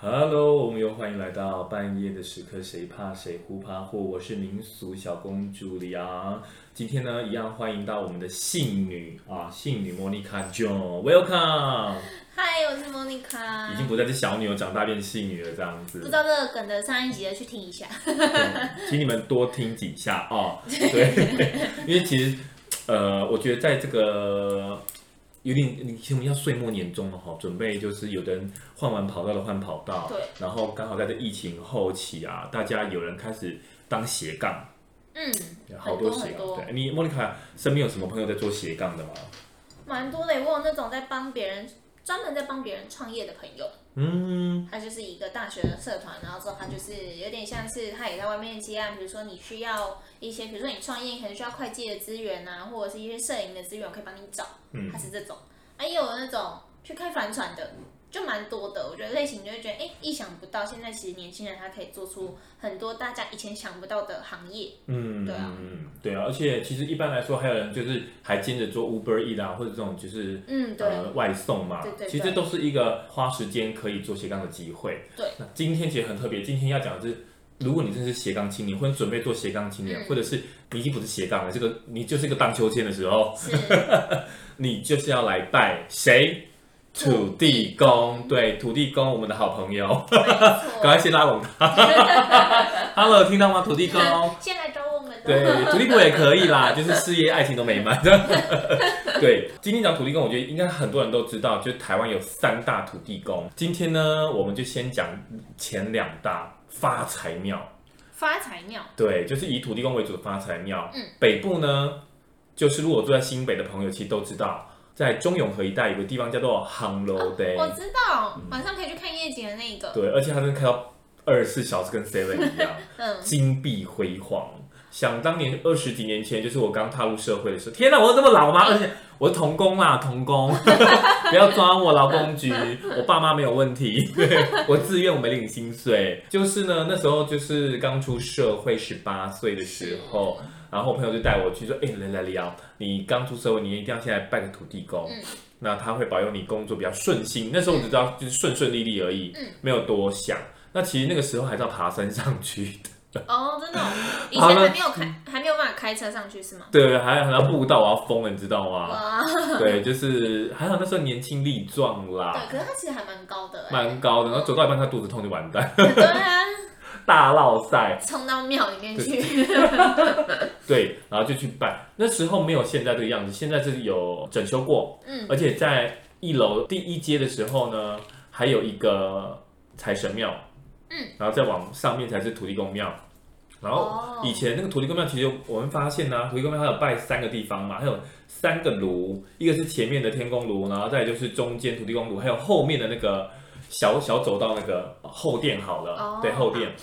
Hello，我們又歡迎來到半夜的時刻，誰怕誰，互怕互。我是民俗小公主李昂、啊。今天呢，一樣歡迎到我們的信女啊，信女莫妮卡 John，Welcome。嗨，我是莫妮卡。已經不再是小女友，長大變信女了，這樣子。不知道這個梗的，上一集的去聽一下 。請你們多聽幾下啊，哦、對，對 因為其實呃，我覺得在這個。有點，你聽我們要歲末年終了哈，準備就是有的人換完跑道的換跑道，對，然後剛好在這疫情後期啊，大家有人開始當斜槓，嗯，好多斜槓啊。很多很多，對，你莫妮卡身邊有什麼朋友在做斜槓的嗎？蠻多的，我有那種在幫別人。專門在幫別人創業的朋友，嗯，嗯，他就是一個大學的社團，然後之後他就是有點像是他也在外面接案，比如說你需要一些，比如說你創業你可能需要會計的資源啊，或者是一些攝影的資源，我可以幫你找，他是這種。還、嗯、有那種去開帆船的。就蠻多的，我覺得類型就會覺得哎，意想不到。現在其實年輕人他可以做出很多大家以前想不到的行業，嗯，對啊，嗯，對啊。而且其實一般來說還有人就是還兼着做 Uber Eats 啦、啊，或者這種就是，嗯對、呃，外送嘛。對對對其實都是一個花時間可以做斜槓的機會。對，那今天其實很特別，今天要講的是，如果你真是斜槓青年，或者準備做斜槓青年，嗯、或者是你已經不是斜槓了，這個你就是一個盪秋千的時候，是 你就是要來拜誰？土地公對，土地公，我們的好朋友，趕快先拉攏他。Hello，聽到嗎？土地公，先來找我們。對，土地公也可以啦，就是事業愛情都美滿。對，今天講土地公，我覺得應該很多人都知道，就是台灣有三大土地公。今天呢，我們就先講前兩大發財廟。發財廟對，就是以土地公為主發財廟。嗯，北部呢，就是如果住在新北的朋友，其實都知道。在中永和一帶有一個地方叫做烘爐地，、哦、我知道，晚上可以去看夜景的那個、嗯。對，而且還能看到二十四小時跟 Seven 一樣， 嗯、金碧輝煌。想當年二十幾年前，就是我剛踏入社會的時候，天哪、啊，我這麼老嗎？而且唉我是童工啊，童工， 不要抓我，勞工局， 我爸媽沒有問題，對我自願，我沒領薪水。就是呢，那時候就是剛出社會，十八歲的時候。然後朋友就帶我去說，哎、欸，來來聊，你剛出社會，你一定要現在拜個土地公，嗯、那他會保佑你工作比較順心。那時候我只知道就是順順利利而已，嗯、沒有多想。那其實那個時候還是要爬山上去的。哦，真的、哦，以前還沒有開，了還沒有辦法開車上去是嗎？對，還還要步道、啊，我要瘋了，你知道嗎？哇對，就是還好那時候年輕力壯啦。對，可是他其實還蠻高的、欸，蠻高的。然後走到一半，他肚子痛就完蛋。對啊大澇賽，衝到廟裡面去對。對，然後就去拜。那時候沒有現在這個樣子，現在是有整修過。嗯，而且在一樓第一階的時候呢，還有一個財神廟。嗯、然後再往上面才是土地公廟。然後以前那個土地公廟，其實我們發現呢、啊，土地公廟它有拜三個地方嘛，還有三個爐，一個是前面的天公爐，然後再就是中間土地公爐，還有後面的那個。小小走到那個後殿好了，oh, 對，後殿。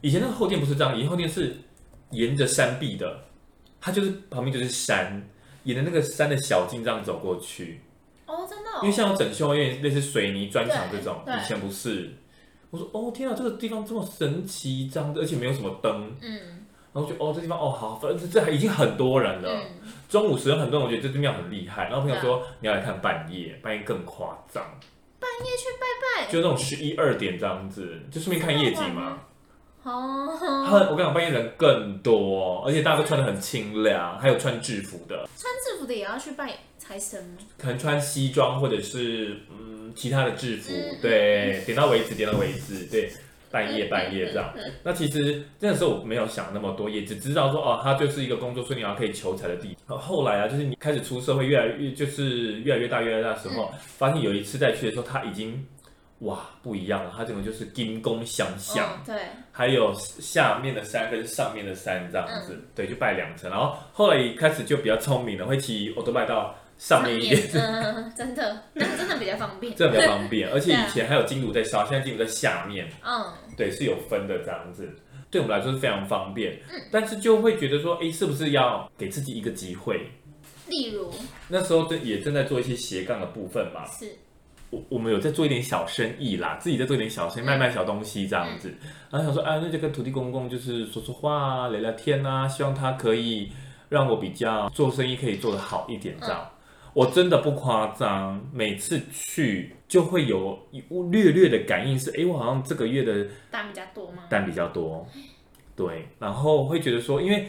以前那個後殿不是這樣，以前後殿是沿着山壁的，它就是旁邊就是山，沿着那個山的小徑這樣走過去。Oh, 哦，真的。因為像我整修，因為類似水泥磚牆這種，以前不是。我說哦天啊，這個地方這麼神奇，這樣，而且沒有什麼燈。嗯。然後就哦這地方哦好，反正這還已經很多人了。嗯、中午時候很多人，我覺得這地方很厲害。然後朋友說對你要來看半夜，半夜更誇張。半夜去拜拜，就那種十一二點這樣子，就順便看夜景嘛。哦、oh, oh.，我跟你講，半夜人更多，而且大家都穿得很清涼，還有穿制服的，穿制服的也要去拜財神嗎？可能穿西裝或者是嗯其他的制服，嗯、對，嗯、點到為止，點到為止，對。半夜半夜這樣，嗯嗯嗯、那其實那個時候我沒有想那麼多，也只知道說哦，他就是一個工作順利，然後可以求財的地方。後來啊，就是你開始出社會越來越就是越來越大越來越大時候，嗯、發現有一次再去的時候他已經哇不一樣了，他整個就是金工相向？哦、對，還有下面的山跟上面的山這樣子，嗯、對，就拜兩層。然後後來一開始就比較聰明了，會騎，我都拜到。上面一點，上面，呃，真的，嗯，真的比較方便，真的比較方便，而且以前還有金爐在燒，現在金爐在下面，嗯，對，是有分的這樣子，對我們來說是非常方便，嗯，但是就會覺得說，誒，是不是要給自己一個機會？例如那時候也正在做一些斜槓的部分嘛，是，我我們有在做一點小生意啦，自己在做一點小生意，賣賣小東西這樣子，嗯，然後想說，啊，哎，那就跟土地公公就是說說話啊，聊聊天啊，希望他可以讓我比較做生意可以做得好一點這樣。嗯我真的不誇張，每次去就會有略略的感應是，是哎，我好像這個月的單比較多嗎？單比較多，對。然後會覺得說，因為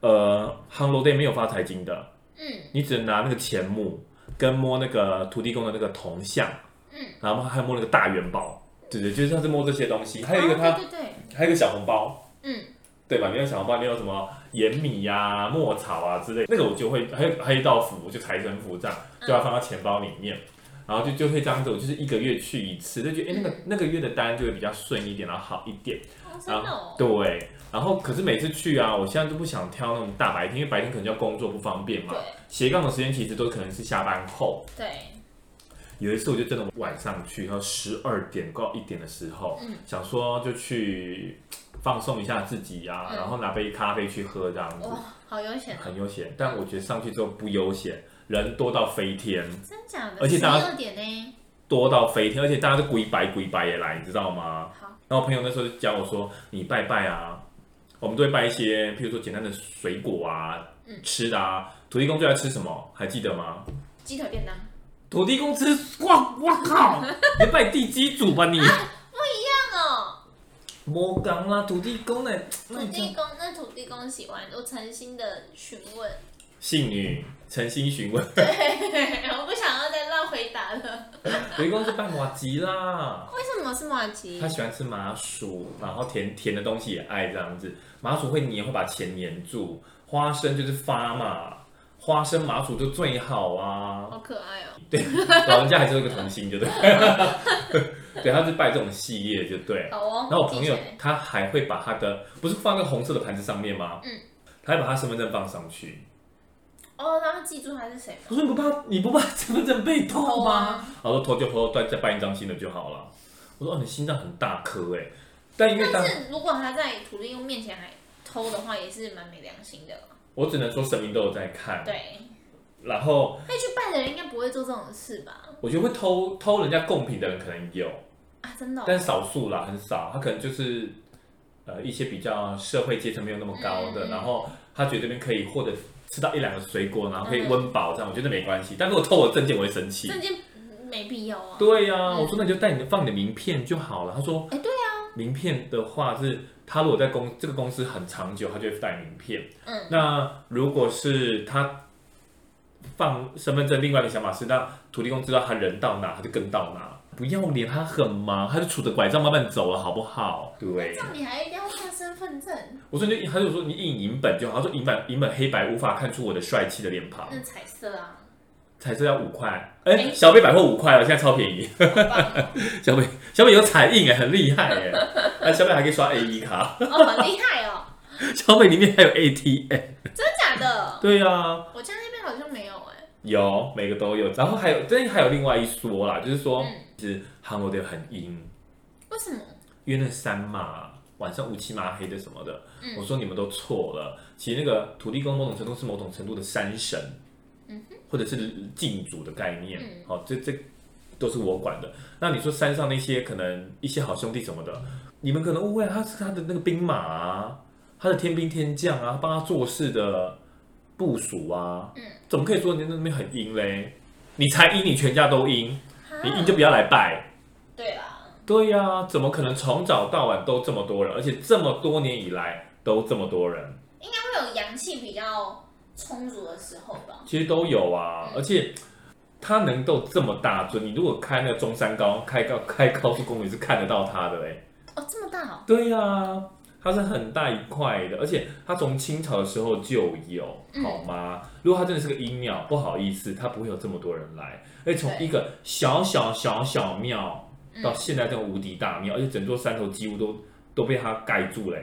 呃，烘爐地沒有發財金的，嗯，你只能拿那個錢母跟摸那個土地公的那個銅像，嗯，然後還摸了個大元寶，對對，就是他是摸這些東西。還有一個他，哦、對，對對，還有一個小紅包，嗯。對吧？沒有小紅包，沒有什麼鹽米呀，啊、墨草啊之類的，那個我就會黑黑道符，就財神符這樣，就要放到錢包裡面，嗯、然後就就會這樣子。我就是一個月去一次，就覺得哎、嗯，那個那個月的單就會比較順一點，然後好一點。然後、哦啊、對，然後可是每次去啊，我現在都不想挑那種大白天，因為白天可能要工作不方便嘛。對斜槓的時間其實都可能是下班後。對。有一次我就真的晚上去，然後十二點到一點的時候，嗯、想說就去，放鬆一下自己呀，然後拿杯咖啡去喝這樣子，好悠閒，很悠閒。但我覺得上去之後不悠閒，人多到飛天，真假的，而且大家點呢，多到飛天，而且大家都跪拜跪拜也來，你知道嗎？好。然後朋友那時候就教我說，你拜拜啊，我們都會拜一些，譬如說簡單的水果啊，吃的啊。土地公最愛吃什麼？還記得嗎？雞腿便當。土地公吃哇，哇，靠，你拜地基主吧你。莫講啦，土地公呢？土地公，那土地公喜歡都誠心的詢問。性女誠心詢問？對，我不想要再亂回答了。土地公是扮麻吉啦。為什麼是麻吉？他喜歡吃麻薯，然後甜甜的東西也愛這樣子。麻薯會黏，會把錢黏住。花生就是發嘛，花生麻薯就最好啊。好可愛哦、喔。對，老人家還是有個童心，就對。 對，他是拜這種系列就對。哦。Oh, 然後我朋友着他還會把他的不是放在那個紅色的盤子上面嗎？嗯。他還把他身份證放上去。哦，那他記住他是誰。我說你不怕你不怕身份證被偷嗎？我、oh. 說偷就偷，再再辦一張新的就好了。我說哦，你心臟很大顆哎。但但是如果他在土地公面前還偷的話，也是蠻沒良心的。我只能說神明都有在看。對。然後。那去拜的人應該不會做這種事吧？我覺得會偷偷人家貢品的人可能有。啊真的哦，但少數啦，很少。他可能就是，呃，一些比較社會階層沒有那麼高的，嗯，然後他覺得這邊可以獲得吃到一兩個水果，嗯，然後可以溫飽這樣，我覺得沒關係。嗯，但如果偷我證件，我會生氣。證件沒必要，哦，對啊。對呀，嗯，我說那你就帶你的放你的名片就好了。他說，哎，對啊，名片的話是，他如果在公這個公司很長久，他就會帶名片。嗯，那如果是他放身份證，另外的想法是讓土地公知道他人到哪，他就跟到哪。不要臉，他很忙。他就杵着拐杖慢慢走了，好不好？對。那你還一定要看身份證？我說你，他就說你印影本就好。他說影本，影本黑白無法看出我的帥氣的臉龐。那彩色啊？彩色要五塊。哎，A. 小北百貨五塊了現在超便宜。棒小北小北有彩印哎、欸，很厲害哎、欸 啊。小北還可以刷 A E 卡。哦，oh, 很厲害哦。小北裡面還有 A T 哎。真的假的？對啊，我家那邊好像沒有哎、欸。有每個都有，然後還有，對，還有另外一說啦，就是說。嗯其實韓國的很陰，為什麼？因為那山嘛，晚上烏漆嘛黑的什麼的。嗯、我說你們都錯了，其實那個土地公某種程度是某種程度的山神，嗯、哼或者是禁主的概念。好、嗯，這這、哦、都是我管的。那你說山上那些可能一些好兄弟什麼的，嗯、你們可能誤會、哎、他是他的那個兵馬啊，他的天兵天將啊，幫他做事的部署啊，嗯，怎麼可以說你那邊很陰嘞？你才陰，你全家都陰。你就不要來拜，對啊，對呀、啊，怎麼可能從早到晚都這麼多人，而且這麼多年以來都這麼多人，應該會有陽氣比較充足的時候吧？其實都有啊，嗯、而且它能夠這麼大尊。你如果開那個中山高，開高開高速公路，你是看得到它的嘞。哦，這麼大。哦，對呀、啊。它是很大一塊的，而且它從清朝的時候就有，好嗎？嗯、如果它真的是個陰廟，不好意思，它不會有這麼多人來。所以從一個小小小小廟，對到現在這個無敵大廟，嗯、而且整座山頭幾乎都都被它蓋住了。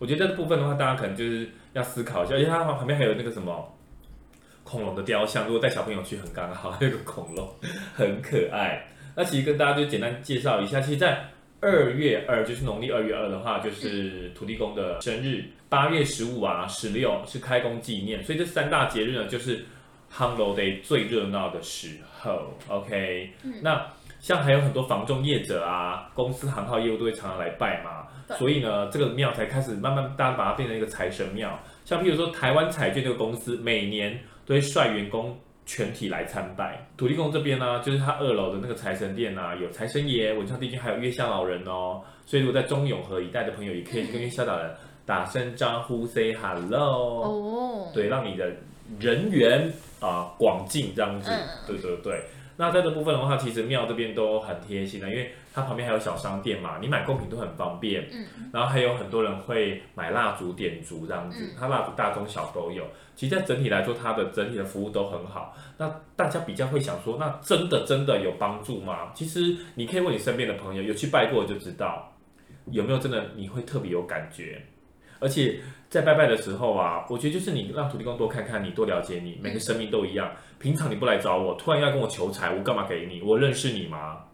我覺得這部分的話，大家可能就是要思考一下，因為它旁邊還有那個什麼恐龍的雕像，如果帶小朋友去很剛好，那個恐龍很可愛。那其實跟大家就簡單介紹一下，其實在二月二就是農曆二月二的話，就是土地公的生日。八月十五啊，十六是開工紀念，所以這三大節日呢，就是 Holiday 最熱鬧的時候。OK，、嗯、那像還有很多房仲業者啊，公司行號業務都會常常來拜嘛。對所以呢，這個廟才開始慢慢大家把它變成一個財神廟。像比如說台灣彩券這個公司，每年都會率員工。全體來參拜土地公這邊呢、啊，就是他二樓的那個財神殿呐、啊，有財神爺、文昌帝君，還有月下老人哦。所以如果在中永和一帶的朋友，也可以跟月下老人打聲招呼，say、嗯、hello，、哦、對，讓你的人緣啊、呃、廣進這樣子，嗯、對對對。那在這個部分的話，其實廟這邊都很貼心的，因為它旁邊還有小商店嘛，你買貢品都很方便。嗯，然後還有很多人會買蠟燭點燭這樣子，它蠟燭大中小都有。其實，在整體來說，它的整體的服務都很好。那大家比較會想說，那真的真的有幫助嗎？其實你可以問你身邊的朋友，有去拜過就知道有沒有真的，你會特別有感覺。而且在拜拜的時候啊，我覺得就是你讓土地公多看看你，多了解你。每個神明都一樣，嗯、平常你不來找我，突然要跟我求財，我幹嘛給你？我認識你嗎？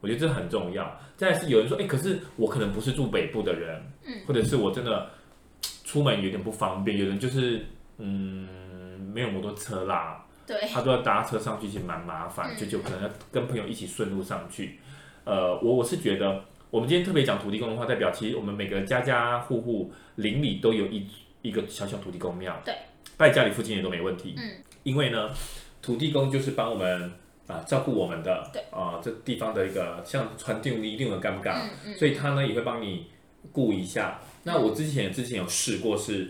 我覺得這很重要。再是有人說，哎、欸，可是我可能不是住北部的人，嗯，或者是我真的出門有點不方便，有人就是嗯，沒有摩托車啦，對，他都要搭車上去，其實蠻麻煩，嗯、就就可能要跟朋友一起順路上去。呃，我我是覺得。我們今天特別講土地公的話，代表其實我們每個家家戶戶鄰里都有一一個小小土地公廟，對，拜家裡附近也都沒問題，嗯，因為呢，土地公就是幫我們啊照顧我們的，對，啊這地方的一個像傳遞力一定的尷尬，所以他呢也會幫你顧一下。那我之前之前有試過，是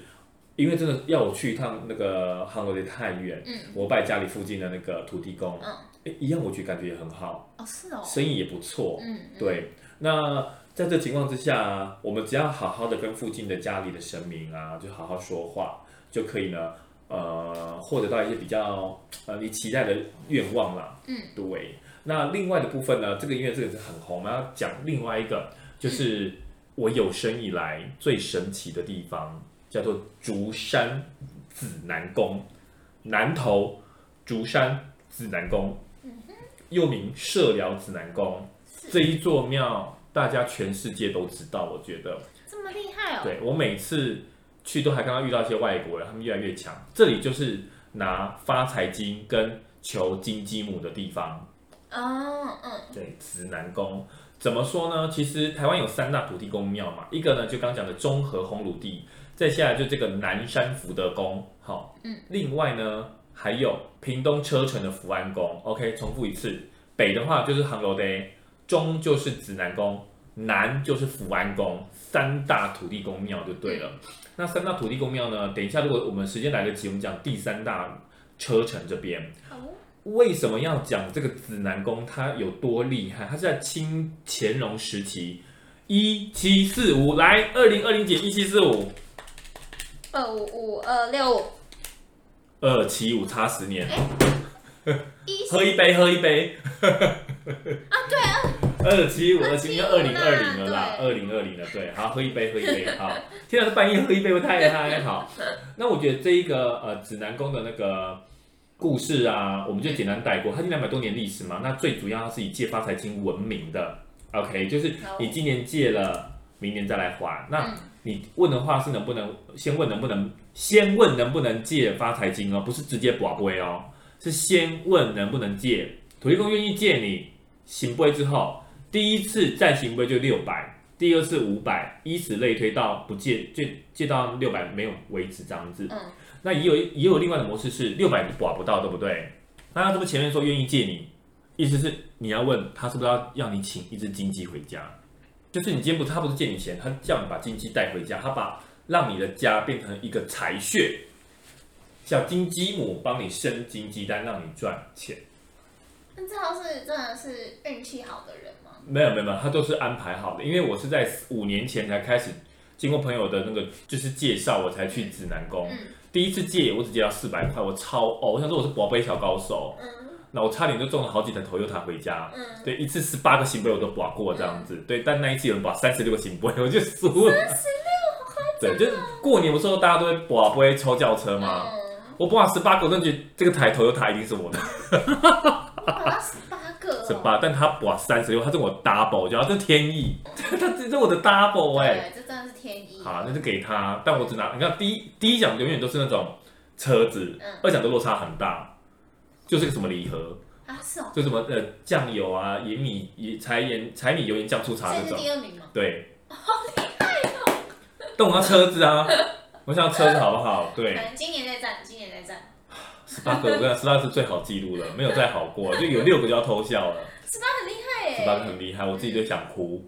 因為真的要我去一趟那個韓國的太遠，嗯，我拜家裡附近的那個土地公，嗯，誒，一樣，我覺感覺也很好，哦是哦，生意也不錯，嗯對。那在這情況之下，我們只要好好的跟附近的家裡的神明啊，就好好說話，就可以呢，呃，獲得到一些比較呃你期待的願望啦。嗯，對。那另外的部分呢，這個音樂這個是很紅，我要講另外一個，就是我有生以來最神奇的地方，叫做竹山紫南宮，南投竹山紫南宮，又名社寮紫南宮。這一座廟，大家全世界都知道，我覺得這麼厲害哦！對，我每次去都還剛剛遇到一些外國人，他們越來越強。這裡就是拿發財金跟求金雞母的地方嗯、哦、嗯，對，紫南宮怎麼說呢？其實台灣有三大土地公廟嘛，一個呢就剛，剛講的中和烘爐地，再下來就這個南山福德宮，好、哦，嗯，另外呢還有屏東車城的福安宮，OK，重複一次，北的話就是烘爐地。中就是紫南宮，南就是福安宮，三大土地公廟就對了。那三大土地公廟呢？等一下，如果我們時間來得及，我們講第三大車城這邊。Oh. 為什麼要講這個紫南宮？它有多厲害？它是在清乾隆時期，一七四五來，二零二零減一七四五，二五五二六五，二七五差十年。欸、 喝一杯，喝一杯。 啊，對啊，二七五二七五，因為二零二零了啦，二零二零了，對，好，喝一杯，喝一杯，好，現在是半夜喝一杯，我太太太好，那我覺得這一個呃指南宮的那個故事啊，我們就簡單帶過，它有兩百多年歷史嘛，那最主要它是以借發財金聞名的，OK，就是你今年借了，後明年再來還，那你問的話是能不能先問能不能先問能不能借發財金哦，不是直接不歸哦，是先問能不能借，土地公願意借你。行會之後，第一次再行會就六百，第二次五百，依此類推到不借就借到六百沒有為止這樣子。嗯，那也有也有另外的模式是六百你寡不到，對不對？那他這麼前面說願意借你，意思是你要問他是不是要要你請一隻金雞回家，就是你今天不是他不是借你錢，他叫你把金雞帶回家，他把讓你的家變成一個財穴，叫金雞母幫你生金雞蛋，讓你賺錢。那這套是真的是運氣好的人嗎？沒有沒有沒有，他都是安排好的。因為我是在五年前才開始，經過朋友的那個就是介紹，我才去指南宮。嗯、第一次借我只借到四百塊，我超哦，我想說我是博杯小高手。嗯，那我差點就中了好幾台 Toyota 回家。嗯，對，一次十八個聖杯我都博過這樣子。嗯、對，但那一次有人博三十六個聖杯，我就輸了。三十六，對，就是過年的時候大家都會博杯抽轎車嘛。嗯我博了十八個，爭取這個抬頭有他一定是我的把他、哦。十八個，十八，但他博三十六，他跟我 double，叫這是天意，他這是我的 double 哎、欸。對、啊，這真的是天意。好，那就給他，但我只拿，你看第一第一獎永遠都是那種車子，嗯，二獎的落差很大，就是個什麼禮盒啊，是哦，就什麼呃醬油啊、鹽米、鹽柴鹽、柴米油鹽醬醋茶這種，這是第二名嗎？對、哦，好厲害哦，但我拿車子啊。 我想車子好不好？呃、對今年再戰，今年再戰，今年再戰。十八個，我跟你說，十八是最好記錄了，沒有再好過，就有六個就要偷笑了。十八很厲害欸、十八很厲害，我自己都想哭。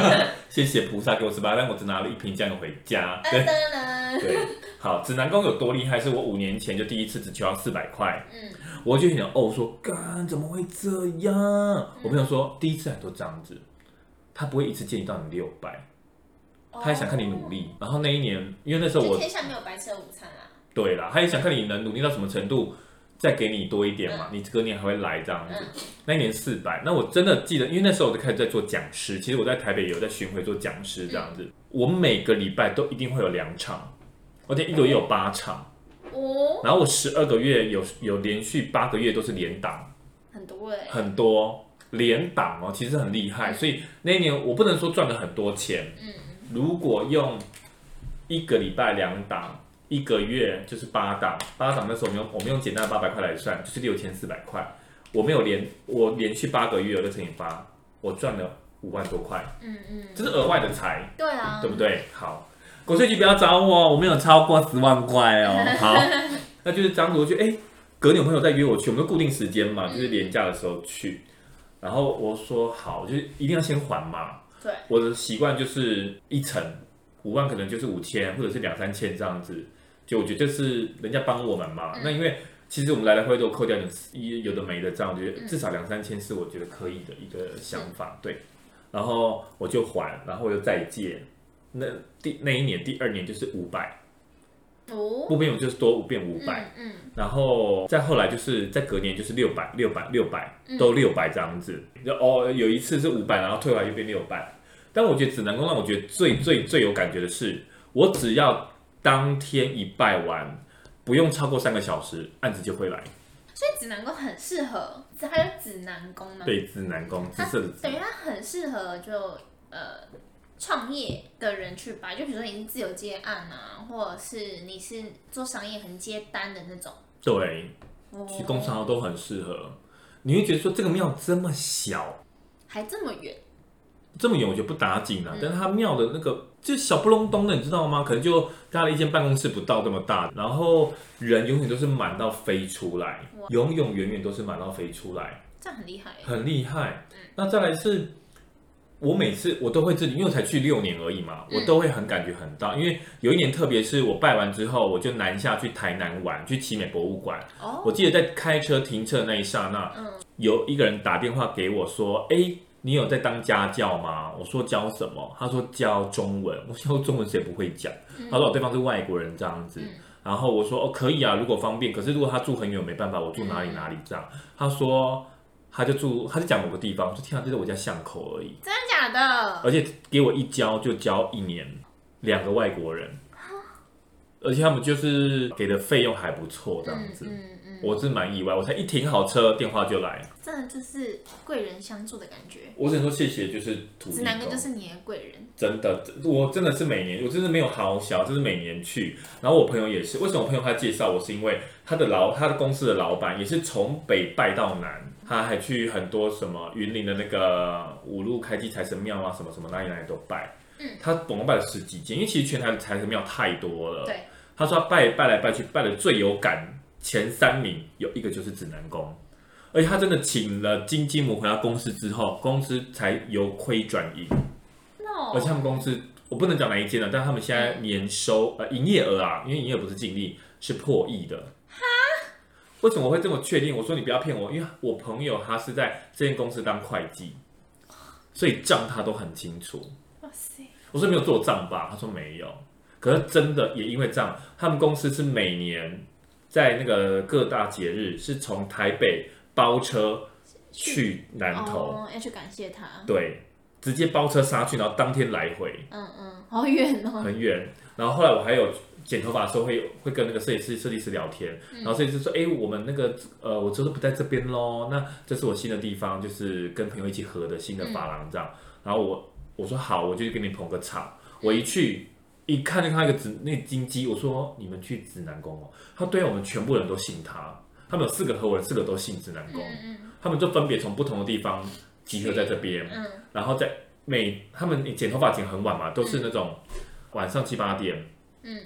謝謝菩薩給我十八，但我只拿了一瓶醬油回家。對、呃、對，好，指南宮有多厲害？是我五年前就第一次只求到四百塊。嗯，我就很想，哦，說幹怎麼會這樣？嗯、我朋友說，第一次很多這樣子，他不會一次建議到你六百。他也想看你努力，哦、然後那一年，因為那時候我天下沒有白吃的午餐啦、啊，對啦，他也想看你能努力到什麼程度，再給你多一點嘛。嗯、你隔年還會來這樣子，嗯、那一年四百。那我真的記得，因為那時候我就開始在做講師，其實我在台北有在巡迴做講師這樣子，嗯、我每個禮拜都一定會有兩場，而且一也、哦、一個月有八場哦。然後我十二個月有有連續八個月都是連檔，嗯、很多哎、欸，很多連檔哦，其實很厲害。嗯、所以那一年我不能說賺了很多錢，嗯。如果用一個禮拜兩檔，一個月就是八檔，八檔的時候我們用我們用簡單的八百塊來算，就是六千四百塊。我沒有連我連續八個月，我就乘以八，我賺了五萬多塊。嗯嗯，嗯，這是額外的財。對啊，嗯，對不對？好，國稅局不要找我，我沒有超過十萬塊哦。 好，那就是張羅去，哎，欸，隔你有朋友在約我去，我們就固定時間嘛，就是連假的時候去。然後我說好，就就一定要先還嘛。對，我的習慣就是一成五萬，可能就是五千或者是兩三千這樣子，就我覺得這是人家幫我們嘛。嗯、那因為其實我們來來回回都扣掉，有有的沒的這樣，我覺得至少兩三千是我覺得可以的一個想法。嗯、對,對，然後我就還，然後我又再借，那第那一年、第二年就是五百。不變五就是多五變五百，嗯，嗯嗯然後再後來就是在隔年就是六百六百六百都六百這樣子就，就哦有一次是五百，然後退回來又變六百。但我覺得指南宮讓我覺得最，最最最有感覺的是，我只要當天一拜完，不用超過三個小時，案子就會來。所以指南宮很適合，還有指南宮呢、嗯、對，指南宮紫色的，等於它很適合就呃。創業的人去拜，就比如說你是自由接案啊，或者是你是做商業很接單的那種，對，去工廠都很適合。你會覺得說這個廟這麼小，還這麼遠，這麼遠我就不打緊了、啊。嗯、但是它廟的那個就小不隆咚的，你知道嗎？可能就搭了一間辦公室不到這麼大，然後人永遠都是滿到飛出來，哇永永遠遠都是滿到飛出來，這樣很厲害、欸、害，很厲害。那再來是。我每次我都會自己，因為我才去六年而已嘛，我都會很感覺很大。嗯、因為有一年，特別是我拜完之後，我就南下去台南玩，去奇美博物館。哦、我記得在開車停車的那一剎那，有一個人打電話給我說：“哎、嗯欸，你有在當家教嗎？”我說：“教什麼？”他說：“教中文。”我說：“中文誰不會講。嗯”他說：“我對方是外國人這樣子。嗯”然後我說：“哦，可以啊，如果方便。可是如果他住很遠，沒辦法，我住哪裡哪裡這樣。嗯”他說。他就住，他就講某個地方，就聽他就是我家巷口而已。真的假的？而且給我一交就交一年，兩個外國人，蛤而且他們就是給的費用還不錯，這樣子，嗯嗯，嗯嗯我是蠻意外。我才一停好車，電話就來，真的就是貴人相助的感覺。我只能說謝謝，就是指南哥就是你的貴人，真的，我真的是每年，我真是沒有好小，就是每年去。然後我朋友也是，為什麼我朋友他介紹我，是因為他的老他的公司的老闆也是從北拜到南。他還去很多什麼雲林的那個五路開基財神廟啊，什麼什麼哪裡哪裡都拜。嗯，他總共拜了十幾間，因為其實全台的財神廟太多了。對，他說他拜拜來拜去，拜的最有感前三名有一個就是指南宮，而且他真的請了金雞母回到公司之後，公司才由虧轉盈。No 而且他們公司我不能講哪一間了，但他們現在年收呃營業額啊，因為營業額不是淨利，是破億的。為什麼我會這麼確定？我說，你不要騙我，因為我朋友他是在這間公司當會計，所以賬他都很清楚。我說，沒有做賬吧？他說沒有。可是真的也因為賬，他們公司是每年在那個各大節日，是從台北包車去南投，要去感謝他。對。直接包車殺去，然後當天來回。嗯嗯，好遠哦。很遠。然後後來我還有剪頭髮的時候會，會會跟那個設計師設計師聊天。嗯、然後設計師說：“哎，我們那個呃，我車都不在這邊咯。」那這是我新的地方，就是跟朋友一起合的新的髮廊這樣。嗯”然後我我說好，我就去給你捧個場。我一去一看，就看到一個紫那個、金雞。我說：“你們去紫南宮哦。”他說對、啊、我們全部人都信他。他們有四個和我，四個都信紫南宮。嗯、他們就分別從不同的地方，集合在這邊，嗯，然後在每他們剪頭髮剪很晚嘛，嗯、都是那種晚上七八點，嗯，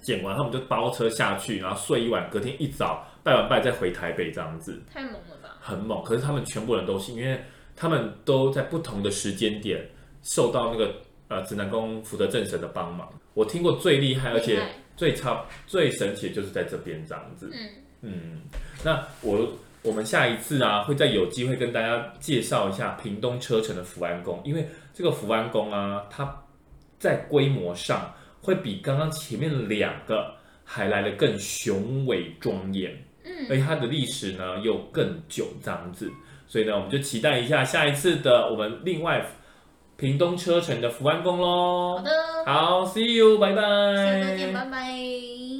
剪完他們就包車下去，嗯、然後睡一晚，隔天一早拜完拜再回台北這樣子，太猛了吧？很猛，可是他們全部人都信，因為他們都在不同的時間點受到那個呃指南宮福德正神的幫忙，我聽過最厲害而且最扯害最神奇的就是在這邊這樣子，嗯嗯，那我。我們下一次啊，會再有機會跟大家介紹一下屏東車城的福安宮，因為這個福安宮啊，它在規模上會比剛剛前面兩個還來得更雄偉莊嚴，嗯，而它的歷史呢又更久長子，所以呢，我們就期待一下下一次的我們另外屏東車城的福安宮嘍。好的，好，See you，拜拜。再見。Bye bye